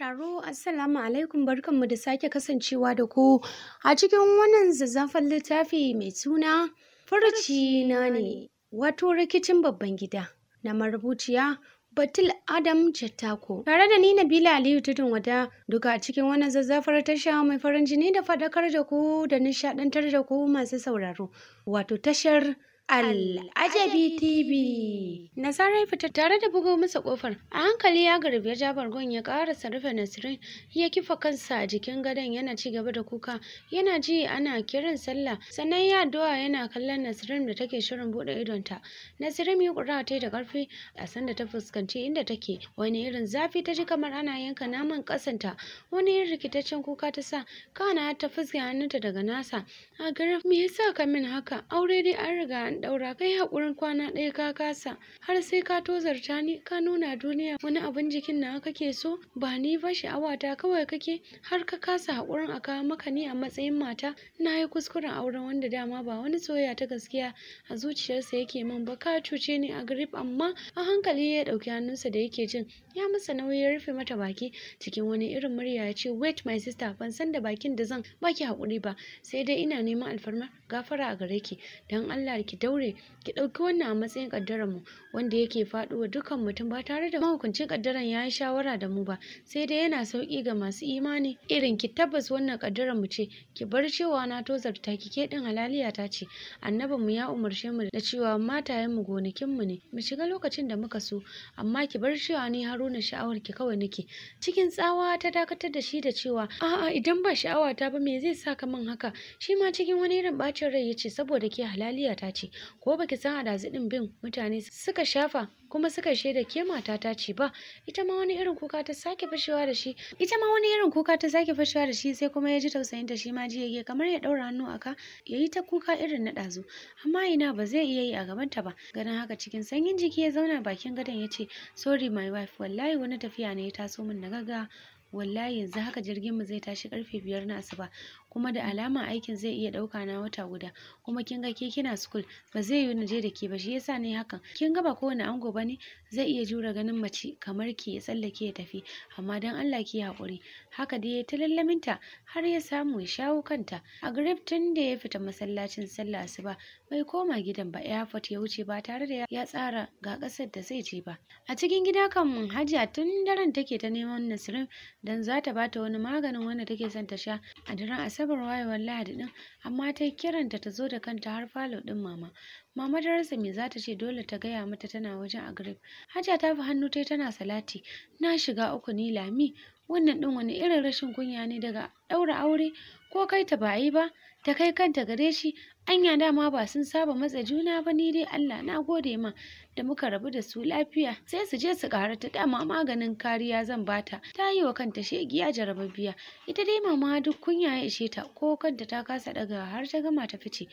sauraro Assalamu alaikum barkanmu da sake kasancewa da ku a cikin wannan zazzafan littafi mai suna furci na ne wato rikicin babban gida na marubuciya Batul Adam Chattako tare da ni Nabila Aliyu Tudun wada duka a cikin wannan zazzafar tasha mai farin jini da fadakar da ku da nishadantar da ku masu sauraro wato tashar Al'ajabi TV. Nasara ya fita tare da bugo masa kofar. A hankali ya garbi ya ja ya ƙara sarrafa Nasirin ya kifa kansa a jikin gadon yana ci gaba da kuka. Yana ji ana kiran sallah sannan ya addu'a yana kallon Nasirin da take shirin bude idonta. Nasirin ya kura ta da karfi a sanda ta fuskanci inda take. Wani irin zafi ta ji kamar ana yanka naman kasanta. Wani irin rikitaccen kuka ta sa kana ta fuska hannunta daga nasa. A garin. me yasa ka min haka? Aure dai an riga ɗaura kai haƙurin kwana ɗaya ka kasa har sai ka tozarta ni ka nuna duniya wani abin jikin na kake so ba ni ba sha'awata kawai kake har ka kasa haƙurin a kawo maka ni a matsayin mata na yi kuskuren auren wanda dama ba wani soyayya ta gaskiya a zuciyarsa yake man ba ka cuce ni a grip amma a hankali ya ɗauki hannunsa da yake jin ya masa nauyi ya rufe mata baki cikin wani irin murya ya ce wait my sister ban san da bakin da zan baki haƙuri ba sai dai ina neman alfarma gafara a gare ki don Allah ki daure ki ɗauki wannan a matsayin ƙaddararmu, mu wanda yake faɗuwa dukkan mutum ba tare da mahukuncin ƙaddarar ya yi shawara da mu ba sai dai yana sauƙi ga masu imani irin ki tabbas wannan ƙaddararmu mu ce ki bar cewa na tozarta ki ke ɗin halaliya ta ce annabin mu ya umarce mu da cewa matayen mu gonakin mu ne mu shiga lokacin da muka so amma ki bar cewa ni haruna sha'awar ki kawai nake cikin tsawa ta dakatar da shi da cewa a'a idan ba sha'awa ta ba me zai sa ka min haka shi ma cikin wani irin bacin rai yace saboda ke halaliya ta ce ko baki san adazu din bin mutane suka shafa kuma suka shaida ke ta ce ba ita ma wani irin kuka ta sake fashewa da shi ita ma wani irin kuka ta sake fashewa da shi sai kuma ya ji tausayin ta shi ma ji yake kamar ya daura hannu aka yayi ta kuka irin na dazu amma ina ba zai iya yi a gaban ta ba ganin haka cikin sanyin jiki ya zauna bakin gadon ya ce sorry my wife wallahi wani tafiya ne ya taso min na gaga wallahi yanzu haka jirgin mu zai tashi karfe biyar na asuba kuma da alama aikin zai iya ɗauka na wata guda kuma kin ga ke kina school ba zai yiwu na da ke ba shi yasa ne hakan kin ga ba kowane ango ba ne zai iya jure ganin mace kamar ki ya tsallake ya tafi amma dan Allah ki hakuri haka dai ya ta ta, har ya samu ya shawo kanta a grip tun da ya fita masallacin sallah asuba bai koma gidan ba airport ya wuce ba tare da ya tsara ga kasar da zai je ba a cikin gida kan hajiya tun daren take ta neman Nasirin dan za ta bata wani maganin wanda take son ta sha a daren asabar wayewar lahadi din amma ta yi kiranta ta zo da kanta har falo din mama mama ta rasa me za ta ce dole ta gaya mata tana wajen a grip hajja ta fi hannu ta tana salati na shiga uku ni lami wannan din wani irin rashin kunya ne daga ɗaura aure ko kai ta ba yi ba ta kai kanta gare shi anya dama ba sun saba matsa juna ba ni dai Allah na gode ma da muka rabu da su lafiya sai su je su ƙara ta dama maganin kariya zan bata ta yi wa kanta shegiya jarababbiya ita dai mama duk kunya ya ishe ta ko kanta ta kasa daga har ta gama ta fice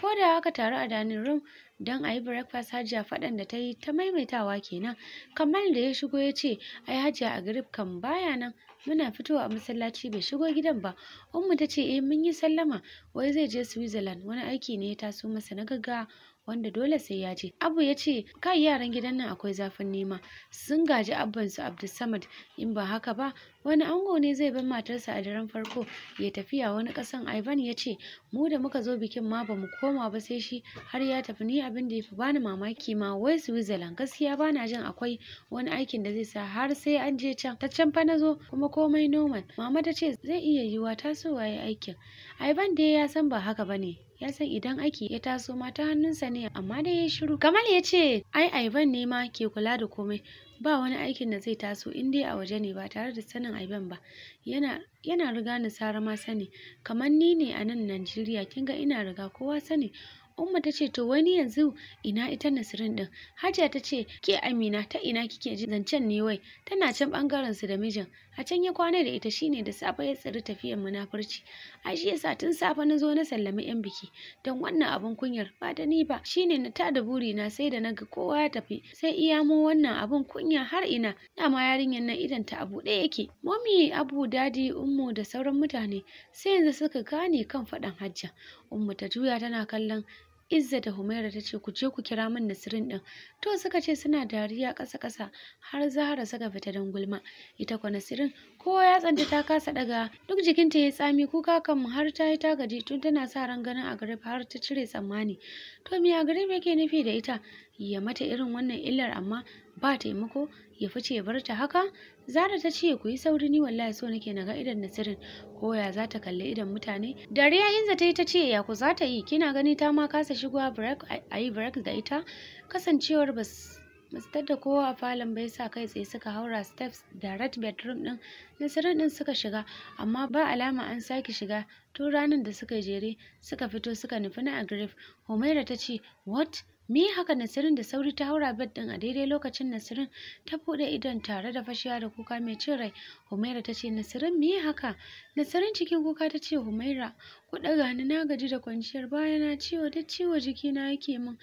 ko da aka taru a danin room don a yi breakfast hajiya faɗan da ta yi ta maimaitawa kenan kamar da ya shigo ya ce ai hajiya a grip kan baya nan muna fitowa a masallaci bai shigo gidan ba ummu ta ce eh mun yi sallama wai zai je switzerland wani aiki ne ya taso masa na gaggawa wanda dole sai ya je abu ya ce kai yaran gidan nan akwai zafin nema sun gaji abbansu abdulsamad in ba haka ba wani ango ne zai bar matarsa a daren farko ya tafiya wani kasan ivan ya ce mu da muka zo bikin ma bamu koma ba sai shi har ya tafi ni abin da ya fi bani mamaki ma wai switzerland gaskiya bana jin akwai wani aikin da zai sa har sai an je can ta can fa na zo kuma komai normal mama ta ce zai iya yiwa tasowa ya aikin ivan dai ya san ba haka bane ya san idan aiki ya taso ma ta hannunsa ne amma dai ya shiru kamal ya ce ai aiban ne ma ke kula da komai ba wani aikin da zai taso in dai a waje ne ba tare da sanin aiban ba yana riga ni sara ma sani kamar ni ne a nan najeriya kin ga ina riga kowa sani Umma ta ce to wani yanzu ina ita Nasirin din. Hajiya ta ce ke Amina ta ina kike ji zancen ne wai tana can bangaren su da mijin. A can ya kwana da ita shine da safe ya tsiri tafiyar munafurci. A shi yasa tun safe na zo na sallami yan biki Don wannan abun kunyar ba da ni ba shine na tada buri na sai da naga kowa ya tafi sai iya mu wannan abun kunya har ina dama yarinyar nan idan ta abu ɗaya yake. Mami, Abu Dadi Ummu da sauran mutane sai yanzu suka gane kan faɗan Hajja. Ummu ta juya tana kallon Izza da Humaira ta ce ku je ku kira min Nasirin din. To suka ce suna dariya ƙasa ƙasa har Zahara suka fita don gulma. Ita kwa Nasirin kowa ya tsanta ta kasa daga duk jikinta ya tsami kuka kan mu har ta yi ta gaji tun tana sa ran ganin a gare har ta cire tsammani to me a yake nufi da ita ya mata irin wannan illar amma ba taimako ya fice ya bar ta haka zara ta ce ku yi sauri ni wallahi so nake na ga idan nasirin ko ya za ta kalli idan mutane dariya inza ta yi ta ce ya ku za ta yi kina gani ta ma kasa shigowa break a yi break da ita kasancewar bas Mr. da kowa a falon bai sa kai tsaye suka haura steps da red bedroom din nasarar din suka shiga amma ba alama an sake shiga tun ranar da suka jere suka fito suka nufi na agrif humaira ta ce what me haka nasirin da sauri ta haura bed din a daidai lokacin nasirin ta bude idon tare da fashiya da kuka mai cin rai humaira ta ce nasirin me haka nasirin cikin kuka ta ce humaira ku daga ni na gaji da kwanciyar bayana ciwo da ciwo jikina yake min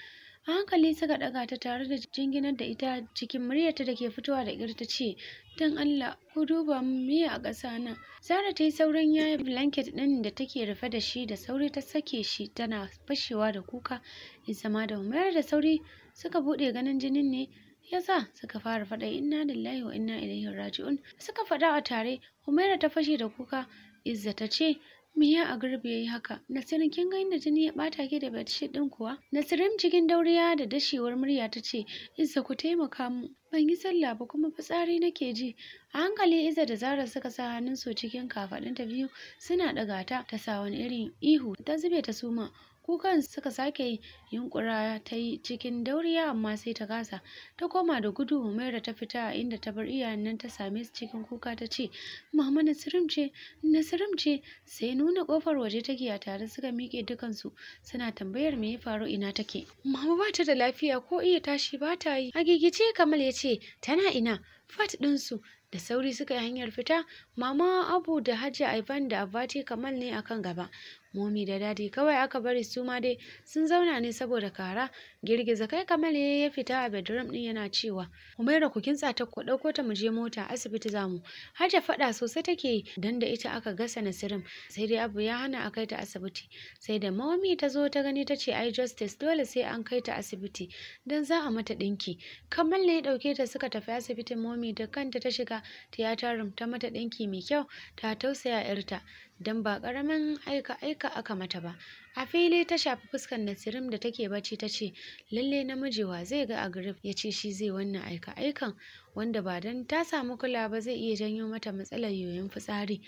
a hankali suka ɗaga ta tare da jinginar da ita cikin muryarta da ke fitowa da ta ce don Allah ku duba miya a ƙasa nan Zara ta yi sauran yaya blanket ɗin da take rufe da shi da sauri ta sake shi tana fashewa da kuka In sama da umar da sauri suka buɗe ganin jinin ne yasa suka fara faɗa inna lillahi wa inna ilaihi raji'un suka faɗa a tare Humaira ta fashe da kuka Izza ta ce Me a garba yayi haka? Nasirin kin ga inda jini ya bata ke da bedsheet ɗin kuwa? Nasirin cikin dauriya da dashewar murya ta ce, "Izza ku taimaka mu. Ban yi sallah ba kuma fitsari nake ji." A hankali Izza da Zara suka sa hannun su cikin ta biyu suna daga ta ta sa wani irin ihu ta zube ta suma. kukan suka sake yunkura ta yi cikin dauriya amma sai ta kasa ta koma da gudu da ta fita inda ta bar iyayen nan ta same su cikin kuka ta ce mama nasirim ce ce sai nuna kofar waje take a tare suka miƙe dukansu suna tambayar me ya faru ina take mama ba ta da lafiya ko iya tashi ba ta yi a gigice kamal ya ce tana ina fat ɗinsu da sauri suka yi hanyar fita mama abu da hajji ivan da abati kamal ne akan gaba momi da dadi kawai aka bari su ma dai sun zauna ne saboda kara girgiza kai kamal ya fita a bedroom din yana cewa umaira ku kintsa ta ku dauko ta muje je mota asibiti zamu haja fada sosai take dan da ita aka gasa nasirin sai dai abu ya hana a kai ta asibiti sai da momi ta zo ta gani ta ce ai justice dole sai an kai ta asibiti dan za a mata dinki kamal ne ya dauke ta suka tafi asibitin momi da kanta ta shiga theater room ta mata dinki mai kyau ta tausaya yarta don ba ƙaramin aika-aika aka mata ba a fili ta shafi fuskar nasirim da take bacci ta ce lalle namiji wa zai ga agrib ya ce shi zai wannan aika-aikan wanda ba don ta samu kula ba zai iya janyo mata matsalar yoyon fitsari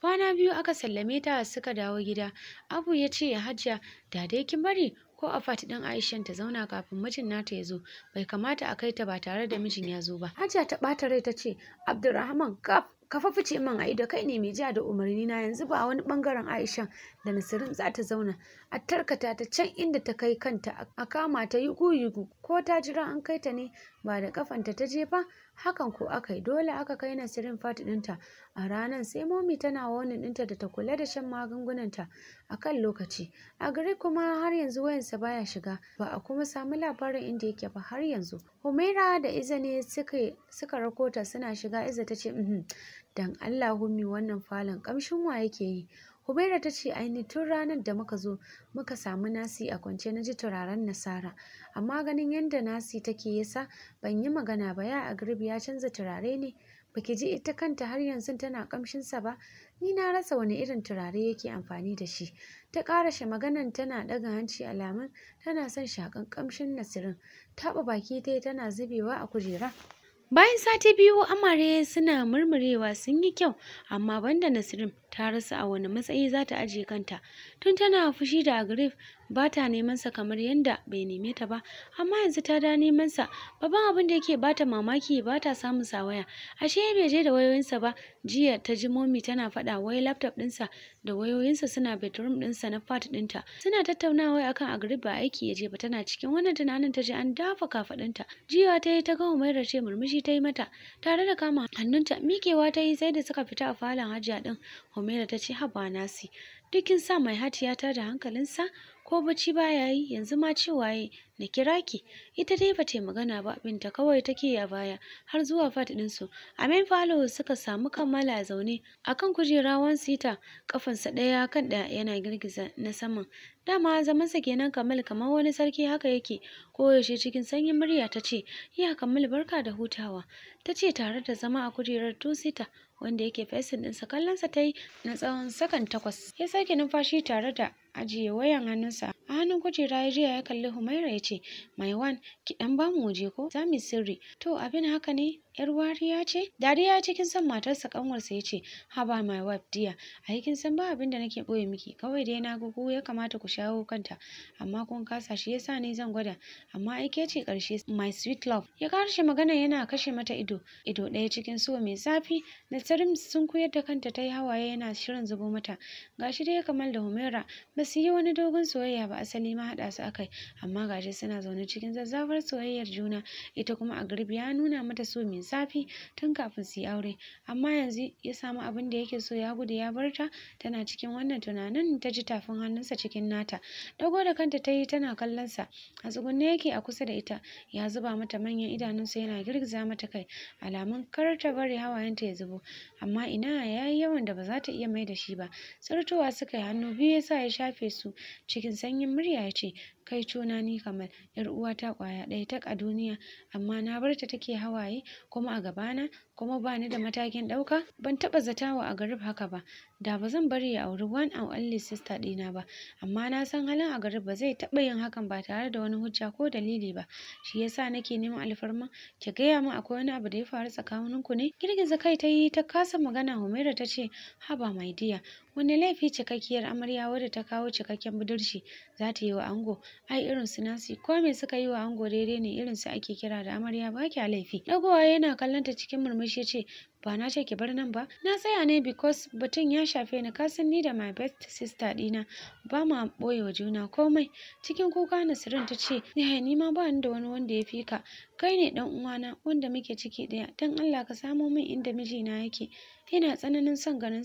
kwana biyu aka sallame ta suka dawo gida abu ya ce ya hajja da dai kin bari ko a fati ɗin Aishan ta zauna kafin mijin nata ya zo bai kamata a kai ta ba tare da mijin ya zo ba Hajiya ta ɓata rai ta ce Abdulrahman kaf ka fice min a ido kai ne mai ja da umarni na yanzu ba wani bangaren Aisha da Nasirin za ta zauna a tarkata ta can inda ta kai kanta a kama ta yugu yugu ko ta jira an kai ta ne ba da kafanta ta jefa hakan ko aka yi dole aka kai Nasirin fati ɗinta a ranar sai momi tana wani dinta da ta kula da shan magungunanta a kan lokaci a gari kuma har yanzu wayansa baya shiga ba a kuma samu labarin inda yake ba har yanzu Humaira da Iza ne suka rakota suna shiga Iza ta ce uhm, Dan Allah Hummi wannan falon ƙamshin wa yake yi? Hubaira ta ce ni tun ranar da muka zo muka samu nasi a kwance na ji turaren nasara amma ganin yadda nasi take yasa ban yi magana ba ya a agrib ya canza turare ne baki ji ita kanta har yanzu tana kamshinsa ba ni na rasa wani irin turare yake amfani da shi ta ƙara karashe maganan tana daga hanci alamun tana son shakan kamshin nasirin taɓa baki ta tana zubewa a kujera Bayan sati biyu amare suna murmurewa sun yi kyau amma banda Nasirin ta rasa a wani matsayi za ta ajiye kanta tun tana fushi da agrif ba ta neman sa kamar yadda bai neme ta ba amma yanzu ta da neman sa babban abin da yake bata mamaki ba ta samun sa waya ashe bai je da wayoyinsa ba jiya ta ji momi tana faɗa wai laptop ɗinsa da wayoyinsa suna bedroom ɗinsa na fat ɗinta suna tattaunawa akan agrif ba aiki ya je ba tana cikin wannan tunanin ta je an dafa kafaɗinta jiya ta yi ta gama mai ce murmushi ta yi mata tare da kama hannunta mikewa ta yi sai da suka fita a falon hajiya ɗin Humaira ta ce haba Nasi duk kin sa mai hatiya ta da hankalinsa ko bacci baya yi yanzu ma cewa yi na kira ki ita dai ba yi magana ba binta kawai take a baya har zuwa fat su a main falo suka samu kammala zaune akan kujera wan sita kafansa daya kan ɗaya yana girgiza na saman dama zamansa kenan kamal kamar wani sarki haka yake koyaushe cikin sanyin murya ta ce ya kamal barka da hutawa ta ce tare da zama a kujerar tusita sita wanda yake fesin ɗinsa kallonsa ta yi na tsawon sakan takwas ya sake numfashi tare da ajiye wayan hannunsa a hannun kujera ya jiya ya kalli humaira ya ce maiwan ki dan bamu waje ko za mu sirri to abin haka ne yar wariya ce dariya cikin son matarsa kanwarsa ya ce haba my wife dear a kin san ba abin da nake boye miki kawai dai na gugu ya kamata ku shawo kanta amma kun kasa shi sa ni zan gwada amma aike ce karshe my sweet love ya karshe magana yana kashe mata ido ido ɗaya cikin so mai zafi na sarim sun koyar da kanta ta yi hawaye yana shirin zubo mata gashi dai kamar da humaira ba su yi wani dogon soyayya ba asali ma haɗa su akai amma gashi suna zaune cikin zazzafar soyayyar juna ita kuma a garbi ya nuna mata so mai zafi tun kafin su yi aure amma yanzu ya samu abin da yake so ya gudu ya bar ta tana cikin wannan tunanin ta ji tafin hannunsa cikin nata dago da kanta ta yi tana kallon sa a tsugunne yake a kusa da ita ya zuba mata manyan idanunsa yana girgiza mata kai alamun kar ta bari hawayenta ya zubo amma ina ya yi yawan da ba za ta iya mai da shi ba tsirtowa suka yi hannu biyu ya sa ya shafe su cikin sanyin Moriarty kai cona ni kamar yar uwata kwaya ɗaya tak a duniya amma na barta take hawaye kuma a gabana kuma ba ni da matakin ɗauka ban taɓa zatawa a garib haka ba da ba zan bari ya auri one and only sister ɗina ba amma na san halin a garib ba zai taɓa yin hakan ba tare da wani hujja ko dalili ba shi yasa nake neman alfarma ki gaya min akwai wani abu da ya faru tsakanin ku ne girgiza kai ta yi ta kasa magana humaira ta ce haba mai diya wani laifi cikakkiyar amarya wadda ta kawo cikakken budurci za ta yi wa ango ai irin su nasi ko me suka yi wa ango daidai ne irin su ake kira da amarya ba kya laifi dagowa yana kallon ta cikin murmushi ya ce ba na ce ki bar nan ba na tsaya ne because batun ya shafe ni ka san ni da my best sister dina ba ma boye wa juna komai cikin kuka Nasirin ta ce yaya ni ma ba ni da wani wanda ya fi ka kai ne dan uwana wanda muke ciki daya dan Allah ka samo min inda mijina yake yana tsananin son ganin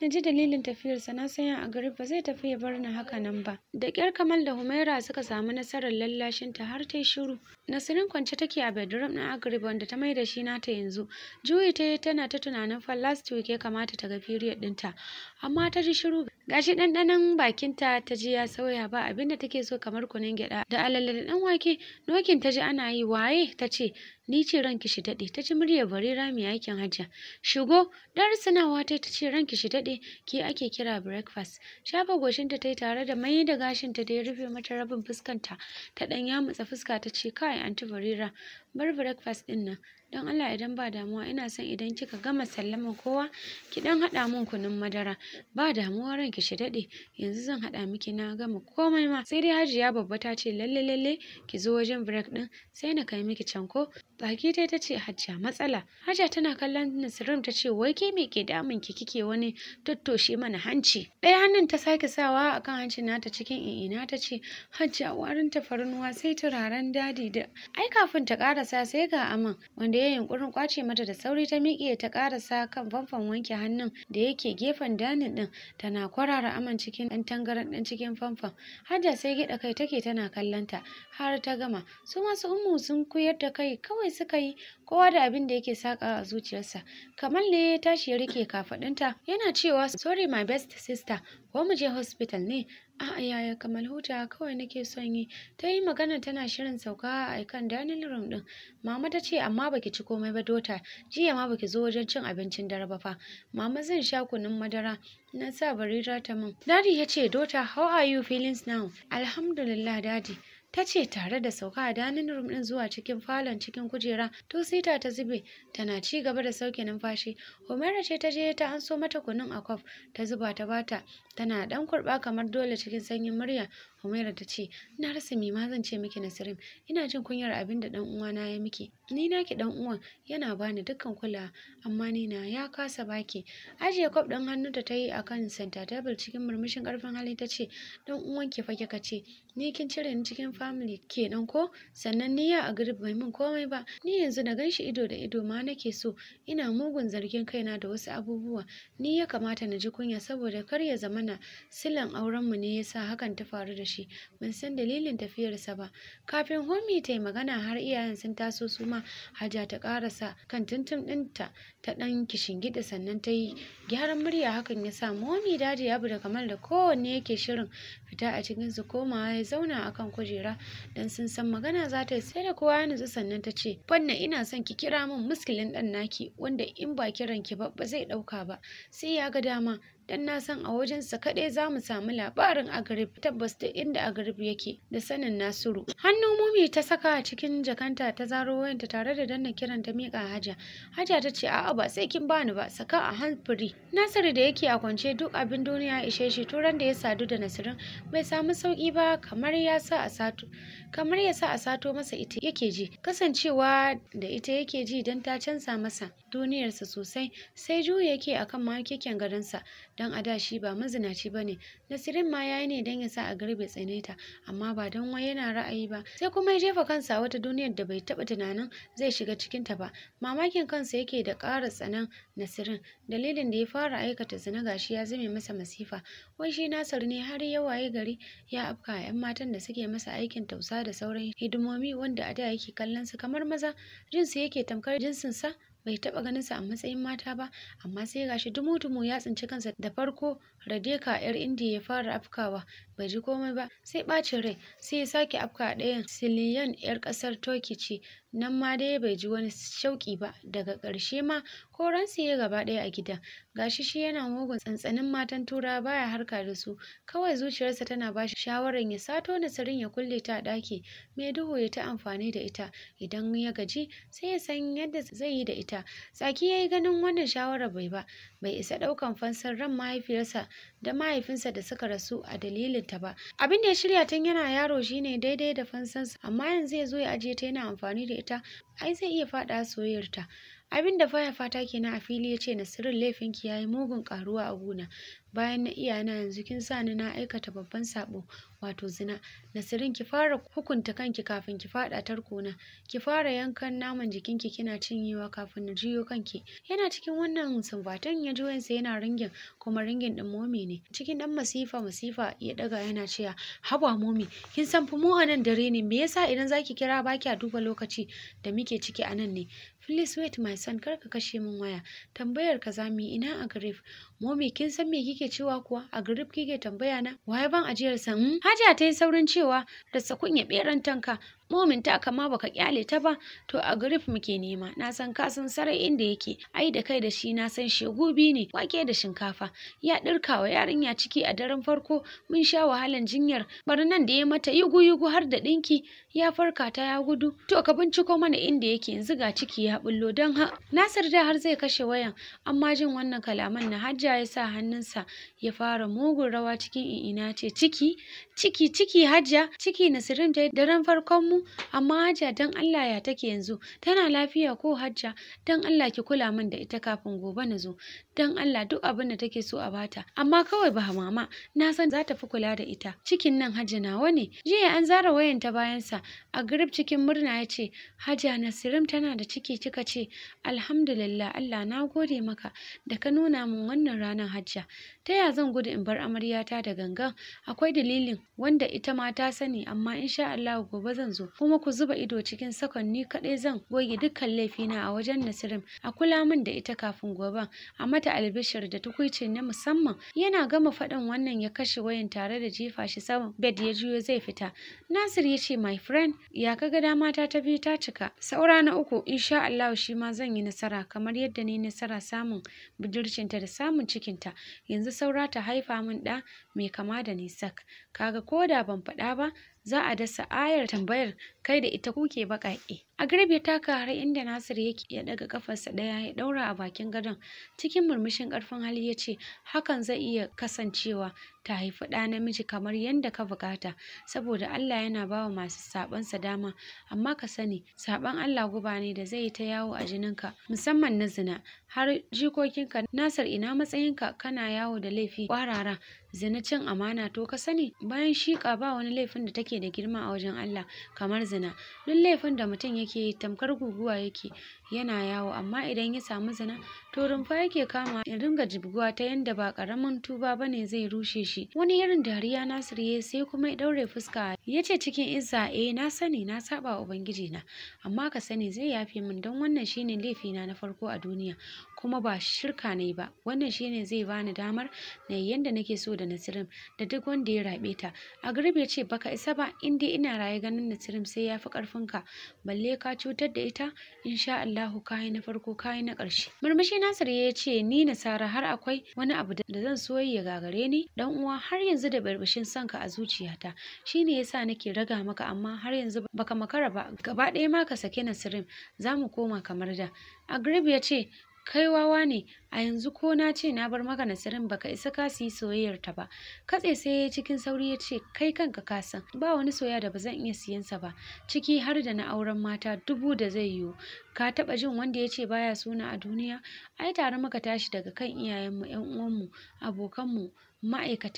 na ji dalilin tafiyarsa na san a gari ba zai tafi ya bar ni haka nan ba da kyar kamal da humaira suka samu nasarar lallashin ta har ta shiru nasirin kwance take a bedroom na agrib wanda ta mai da shi nata yanzu juyi ta tana ta tunanin fa last week ya kamata ta ga period ɗinta amma ta ji shiru gashi ɗanɗanon bakin ta ji ya sauya ba abin da take so kamar kunun gyaɗa da alale da ɗan wake nokin ta ji ana yi waye ta ce ni ce ranki shi daɗe ta ji murya barira mai aikin hajja shigo dar sanawa ta ta ce ranki shi daɗe ke ake kira breakfast shafa goshinta ta yi tare da mai da gashinta da ya rufe mata rabin fuskanta ta ɗan yamutsa fuska ta ce kai anti barira bar breakfast ɗin nan don Allah idan ba damuwa ina son idan kika gama sallama kowa ki ɗan haɗa min kunun madara ba damuwa ranki daɗe yanzu zan haɗa miki na gama komai ma sai dai hajiya babba ta ce lalle lalle ki zo wajen break ɗin sai na kai miki can ko tsaki dai ta ce hajiya matsala hajiya tana kallon nasirim ta ce wai ke me ke damun ki kike wani tattoshe mana hanci ɗaya hannun ta sake sawa akan hancin nata cikin ina ta ce hajiya warin tafarnuwa sai turaren dadi da ai kafin ta karasa sai ga aman wanda ya yunkurin kwace mata da sauri ta miƙe ta karasa kan famfon wanke hannun da yake gefen danin ɗin tana kwa kwarara aman cikin ɗan tangaran ɗan cikin famfam hajja sai gida kai take tana kallonta har ta gama su masu umu sun kuyar da kai kawai suka yi kowa da abin da yake saka a zuciyarsa kamal ne ya tashi ya rike kafaɗinta yana cewa sorry my best sister ko mu je hospital ne A'a yaya kamar huta kawai nake son yi. Ta yi magana tana shirin sauka a kan dining room ɗin. Mama ta ce amma baki ci komai ba dota. Jiya ma baki zo wajen cin abincin dare ba fa. Mama zan sha kunun madara. Na sa barira ta min. Dadi ya ce dota how are you feelings now? Alhamdulillah dadi. ta ce tare da sauka a danin rum din zuwa cikin falon cikin kujera to sita ta zube tana ci gaba da sauke numfashi Humaira ce ta je ta anso mata kunun a kof. ta zuba ta bata tana dan kurba kamar dole cikin sanyin murya Humaira ta ce, "Ina rasa me ma zan ce miki Nasirim, ina jin kunyar abin da dan uwana ya miki. Ni naki dan uwan yana bani dukkan kula, amma ni na ya kasa baki." Ajiye kwaf ɗin da ta yi akan center table cikin murmushin ƙarfin hali ta ce, "Dan uwan ki fa kika ce, ni kin cire ni cikin family kenan ko? Sannan ni ya a grip bai min komai ba. Ni yanzu na ganshi ido da ido ma nake so. Ina mugun zargin kai na da wasu abubuwa. Ni ya kamata na ji kunya saboda kar ya zamana silan aurenmu ne yasa hakan ta faru da shi." shi ban san dalilin tafiyarsa ba kafin homi ta yi magana har iyayen sun taso su ma hajja ta karasa kan tuntun ɗinta ta ɗan gida sannan ta yi gyaran murya hakan ya sa homi daji ya da kamar da kowanne yake shirin fita a cikin su komawa ya zauna akan kujera dan sun san magana za ta yi sai da kowa ya nutsu sannan ta ce fanna ina son ki kira min muskilin ɗan naki wanda in ba kiran ki ba ba zai ɗauka ba sai ya ga dama dan na san a wajensa kaɗai za mu samu labarin agarib tabbas da inda agarib yake da sanin nasiru hannu mumi ta saka a cikin jakanta ta zaro wayanta tare da danna kiran ta miƙa haja haja ta ce a'a ba sai kin bani ba saka a hanfiri nasiru da yake a kwance duk abin duniya ishe shi turan da ya sadu da nasirin bai samu sauki ba kamar ya sa a sato kamar ya sa a sato masa ita yake ji kasancewa da ita yake ji dan ta canza masa duniyarsa sosai sai juya yake akan makeken gadonsa don a da shi ba mazinaci ba ne nasirin ma ya yi ne don ya sa a garbe tsane ta amma ba don wai yana ra'ayi ba sai kuma ya jefa kansa wata duniyar da bai taɓa tunanin zai shiga cikin ta ba mamakin kansa yake da ƙara tsanan nasirin dalilin da ya fara aikata zina gashi ya zame masa masifa wai shi nasir ne har ya waye gari ya afka yan matan da suke masa aikin tausa da sauran hidimomi wanda a da yake kallon su kamar maza jinsu yake tamkar jinsinsa bai taɓa ganin sa a matsayin mata ba amma sai gashi dumu-dumu ya tsinci kansa da farko radeka yar indiya ya fara afkawa bai ji komai ba sai bacin rai sai ya sake afka a ɗayan siliyan yar ƙasar turkey ce nan ma dai bai ji wani shauƙi ba daga ƙarshe ma ko su ya gaba ɗaya a gidan gashi shi yana mugun tsantsanin matan turawa baya harka da su kawai zuciyarsa tana ba shi shawarar ya sato nasarin ya kulle ta a ɗaki mai duhu ya ta amfani da ita idan ya gaji sai ya san yadda zai yi da ita tsaki ya yi ganin wannan shawarar bai ba bai isa ɗaukan fansar ran mahaifiyarsa da mahaifinsa da suka rasu a dalilinta ba abin da ya shirya tun yana yaro shine daidai da fansansa amma yanzu ya zo ya ajiye ta yana amfani da ita ai zai iya faɗa soyayyarta abin da faya fata kenan a fili ya ce nasirin laifinki ya yi mugun karuwa a gona bayan na iya na yanzu kin sa ni na aikata babban sabo wato zina nasirin ki fara hukunta kanki kafin ki fada tarkona ki fara yankan naman jikinki kina cinyewa kafin na jiyo kanki yana cikin wannan sumbatan ya ji wayansa yana ringin kuma ringin din momi ne cikin dan masifa masifa ya daga yana cewa haba momi kin san fa mu a nan dare ne me yasa idan zaki kira baki a duba lokaci da muke ciki a nan ne please wait my son kar ka kashe min waya tambayar ka za mu ina a grip momi kin san me kike cewa kuwa a grip kike tambaya na waye ban ajiyar san hmm? hajiya ta yi saurin cewa da sakun ya beran tanka momin ta kama baka kyale ta ba to a grip muke nema na san ka san sarai inda yake ai da kai da shi na san shegu biyu ne wake da shinkafa ya dirkawa wa yarinya ciki a daren farko mun sha wahalan jinyar barnan da ya mata yugu yugu har da dinki ya farka ta ya gudu to ka binciko mana inda yake yanzu ga ciki ya bullo dan ha Nasir da har zai kashe wayan amma jin wannan kalaman na Hajja ya sa hannunsa ya fara mugun rawa cikin ina ce ciki ciki ciki Hajja ciki Nasirin da daren farkon mu amma hajja dan Allah ya take yanzu tana lafiya ko hajja dan Allah ki kula min da ita kafin gobe na zo dan Allah duk abin da take so a bata amma kawai ba mama na san za ta fi kula da ita cikin nan hajja nawa ne jiya an zara wayan ta bayansa a grip cikin murna ya ce hajja Nasirim tana da ciki kika ce alhamdulillah Allah na gode maka da ka nuna min wannan ranar hajja ta ya zan gudu in bar amaryata da gangan akwai dalilin wanda ita ma ta sani amma insha Allah gobe zan zo kuma ku zuba ido cikin sakonni kaɗai zan goge dukkan laifina a wajen nasirin a kula min da ita kafin gobe. a mata albishir da tukuici na musamman yana gama faɗin wannan ya kashe wayan tare da jefa shi saman bed ya juyo zai fita Nasir ya ce my friend ya kaga dama ta ta biyu ta cika saura na uku insha Allah shi ma zan yi nasara kamar yadda ni nasara samun budurcinta da samun cikinta yanzu saura ta haifa min ɗa mai kama da nisak kaga ko da ban faɗa ba za a dasa ayar tambayar kai da ita kuke baƙaƙe Agrib ya taka har inda Nasir yake ya daga kafarsa ɗaya ya daura a bakin gadon. Cikin murmushin karfin hali ya ce hakan zai iya kasancewa ta haifi ɗa namiji kamar yadda ka bukata saboda Allah yana bawa masu saɓansa dama amma ka sani saɓan Allah guba ne da zai yi ta yawo a jininka musamman na zina har jikokinka Nasir ina matsayinka kana yawo da laifi kwarara zina cin amana to ka sani bayan shiƙa ba wani laifin da take da girma a wajen Allah kamar zina duk laifin da mutum yake yake yi tamkar guguwa yake yana yawo amma idan ya samu zina to rumfa yake kama In dinga jibguwa ta yanda ba karamin tuba bane zai rushe shi wani irin dariya Nasiru ya sai kuma ya daure fuska ya ce cikin izza eh na sani na saba ubangiji na amma ka sani zai yafe min don wannan shine laifina na farko a duniya kuma ba shirka na yi ba wannan shine zai bani damar na yadda nake so da nasirim da duk wanda ya raɓe ta a garib ya ce baka isa ba in dai ina raye ganin nasirim sai ya fi ƙarfinka balle ka cutar da ita insha Allahu kayi na farko kayi na ƙarshe murmushi Nasir ya ce ni Nasara har akwai wani abu da zan so ya gagare ni dan uwa har yanzu da barbashin sanka a zuciyata ne yasa nake raga maka amma har yanzu baka makara ba gaba ɗaya ma ka sake Nasirim za mu koma kamar da Agrib ya ce kai wawa ne a yanzu ko na ce na bar maka nasirin baka isa ka siyi soyayyar ta ba katse sai ya cikin sauri ya ce kai kanka ka san ba wani soya da ba zan iya siyan sa ba ciki har da na auren mata dubu da zai yiwu ka taba jin wanda ya ce baya suna a duniya ai tare muka tashi daga kan iyayen mu yan uwanmu abokanmu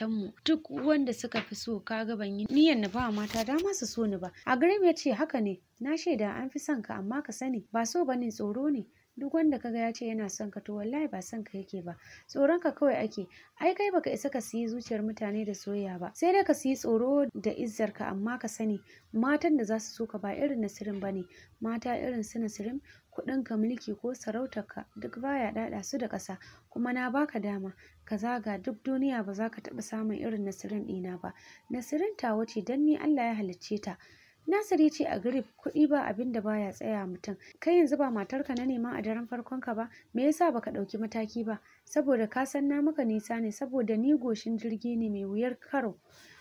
mu duk wanda suka fi so ka ban yi niyyar na ba mata dama su so ni ba a ya ce haka ne na shaida an fi son ka amma ka sani ba so bane tsoro ne duk wanda kaga ya ce yana son ka to wallahi ba son ka yake ba tsoron ka kawai ake ai kai baka isa ka siyi zuciyar mutane da soyayya ba sai dai ka siyi tsoro da izzar ka amma ka sani matan da za su so ka ba irin nasirin bane mata irin su nasirin kuɗin ka mulki ko sarautar ka duk baya dada su da ƙasa kuma na baka dama ka zaga duk duniya ba za ka taɓa samun irin nasirin ɗina ba nasirin ta wuce dan ni Allah ya halicce ta Nasir ya ce a grip kuɗi ba abin da baya tsaya mutum. Kai yanzu ba matarka na nema a daren farkon ka ba, me yasa baka ɗauki mataki ba? Saboda ka san na maka nisa ne saboda ni goshin jirgi ne mai wuyar karo.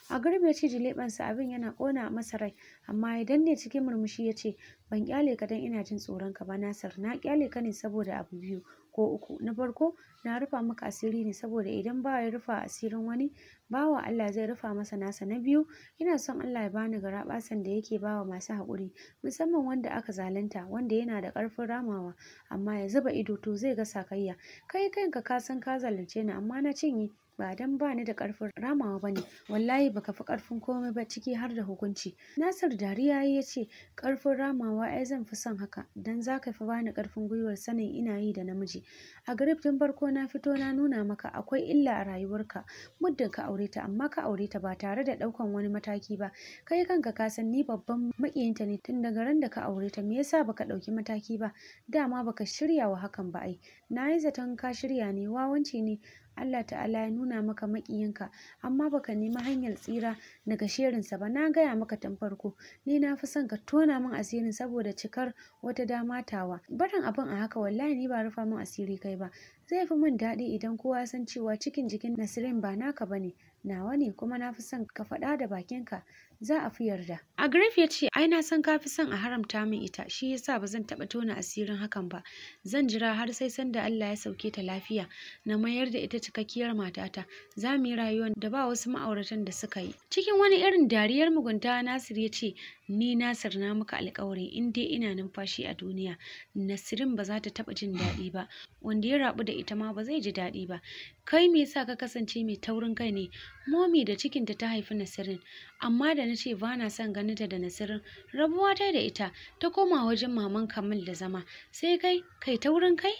A grip ya ce sa abin yana ƙona masa rai, amma ya danne cikin murmushi ya ce, Ban kyale ka don ina jin tsoron ka ba Nasir, na kyale ka ne saboda abu biyu. ko uku na farko na rufa maka asiri ne saboda idan ba ya rufa asirin wani bawa Allah zai rufa masa nasa na biyu ina son Allah ya bani garabasan da yake bawa masu haƙuri musamman wanda aka zalunta wanda yana da ƙarfin ramawa amma ya zuba ido to zai ga sakayya kai kanka ka san ka zalunce ni amma na cinye ba dan ba ni da karfin ramawa bane wallahi baka fi karfin komai ba ciki har da hukunci nasir dariya ya ce karfin ramawa ai zan fi son haka dan zaka fi bani karfin gwiwar sanin ina yi da namiji a garib tun farko na fito na nuna maka akwai illa a rayuwarka muddin ka aure ta amma ka aure ta ba tare da daukan wani mataki ba kai kanka ka san ni babban makiyinta ne tun daga ran da ka aure ta me yasa baka dauki mataki ba dama baka shirya wa hakan ba ai na yi zaton ka shirya ne wawanci ne Allah ta'ala ya nuna maka maƙiyinka amma baka nemi hanyar tsira daga sherinsa ba na gaya maka tun farko ni na fi son ka tona min asirin saboda cikar wata dama tawa barin abin a haka wallahi ni ba rufa min asiri kai ba zai fi min daɗi idan kowa ya san cewa cikin jikin nasirin ba naka ba ne, nawa ne kuma na fi son ka faɗa da bakinka za a fi yarda a grif ya ce ai na san ka fi son a haramta min ita shi yasa ba zan taɓa tona asirin hakan ba zan jira har sai sanda Allah ya sauke ta lafiya na mayar da ita cikakkiyar matata za mu yi rayuwar da ba wasu ma'auratan da suka yi cikin wani irin dariyar mugunta Nasir ya ce ni Nasir na muka alƙawari in dai ina numfashi a duniya Nasirin ba za ta taɓa jin daɗi ba wanda ya rabu da ita ma ba zai ji daɗi ba kai me yasa ka kasance mai taurin kai ne momi da cikinta ta haifi Nasirin amma da nace ce ba na son ganin ta da Nasirin rabuwa ta da ita ta koma wajen maman kamal da zama sai kai kai taurin kai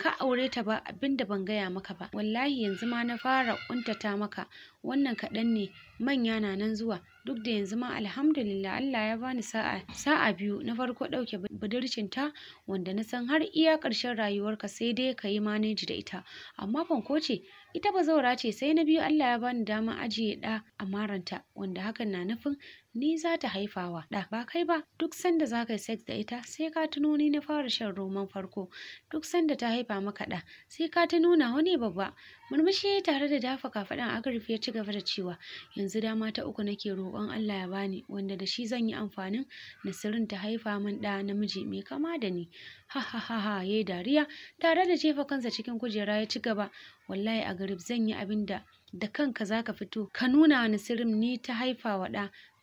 ka aure ta ba abinda ban gaya maka ba wallahi yanzu ma na fara kuntata maka wannan kaɗan ne manya na nan zuwa duk da yanzu ma alhamdulillah Allah ya bani sa'a sa'a biyu na farko ɗauke budurcin ta wanda na san har iya ƙarshen rayuwarka sai dai ka yi maneji da ita amma ban ko ce ita bazaura ce sai na biyu Allah ya bani dama ajiye ɗa a maranta wanda hakan na nufin ni za ta haifawa ɗa ba kai ba duk sanda za ka yi sex da ita sai ka tuno ni na fara shan roman farko duk sanda ta haifa maka ɗa sai ka ta nuna wani babba murmushi tare da dafa kafaɗan agarfi ya ci gaba da cewa yanzu dama ta uku nake roƙon Allah ya bani wanda da shi zan yi amfanin nasirin ta haifa min ɗa namiji mai kama da ni ha ha ha dariya tare da jefa kansa cikin kujera ya ci gaba wallahi a garib zan yi abin da da kanka za ka fito ka nuna wani sirrin ni ta haifa wa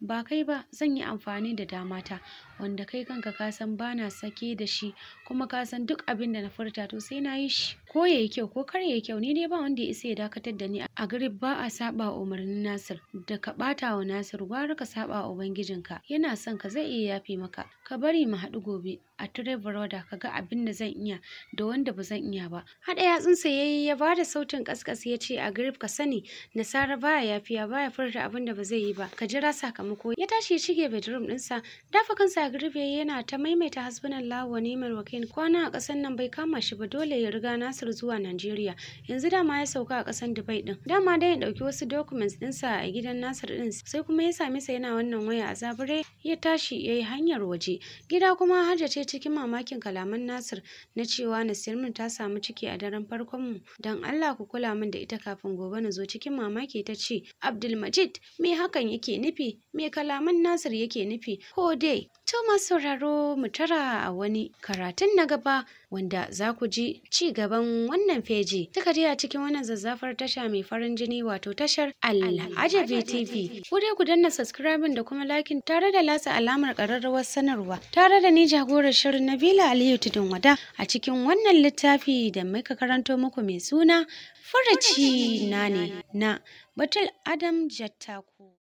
ba kai ba zan yi amfani da damata wanda kai kanka ka san ba na sake da shi kuma ka san duk abin da na furta to sai na yi shi ko ya yi kyau ko kar ya yi kyau ni dai ba wanda ya isa ya dakatar da ni a garib ba a saba umarnin Nasir da ka ɓata wa Nasir gwara ka saba wa Ubangijinka yana son ka zai iya yafe maka ka bari mu haɗu gobe a Ture Baroda ka ga abin da zan iya da wanda ba zan iya ba. Haɗa yatsunsa ya yi ya ba da sautin ƙasƙas ya ce a grip ka sani Nasara baya yafiya baya furta abin da ba zai yi ba ka jira sakamako. Ya tashi ya shige bedroom ɗinsa dafa kansa a grip ya yana ta maimaita hasbunan lawa ne mai wakil kwana a ƙasan nan bai kama shi ba dole ya riga Nasir zuwa Najeriya yanzu dama ya sauka a ƙasan Dubai ɗin. Dama dai ya ɗauki wasu documents ɗinsa a gidan Nasir ɗin sai kuma ya same sa yana wannan waya a zabure ya tashi ya hanyar waje. gida kuma hajja ce cikin mamakin kalaman nasir na cewa min ta samu ciki a daren farkon mu dan allah ku kula min da ita kafin gobe na zo cikin mamaki ta ce abdulmajid me hakan yake nufi me kalaman nasir yake nufi ko dai To masu sauraro mu tara a wani karatun na gaba wanda za ku ji ci gaban wannan feji. Tuka je a cikin wannan zazzafar tasha mai farin jini wato tashar Al-Ajabi TV. Ku dai ku danna subscribing da kuma liking tare da lasa alamar ƙararrawar sanarwa. Tare da ni jagorar shirin Nabila Aliyu Tudun Wada a cikin wannan littafi da muka karanto muku mai suna Faraci na ne na Batul Adam Jattaku.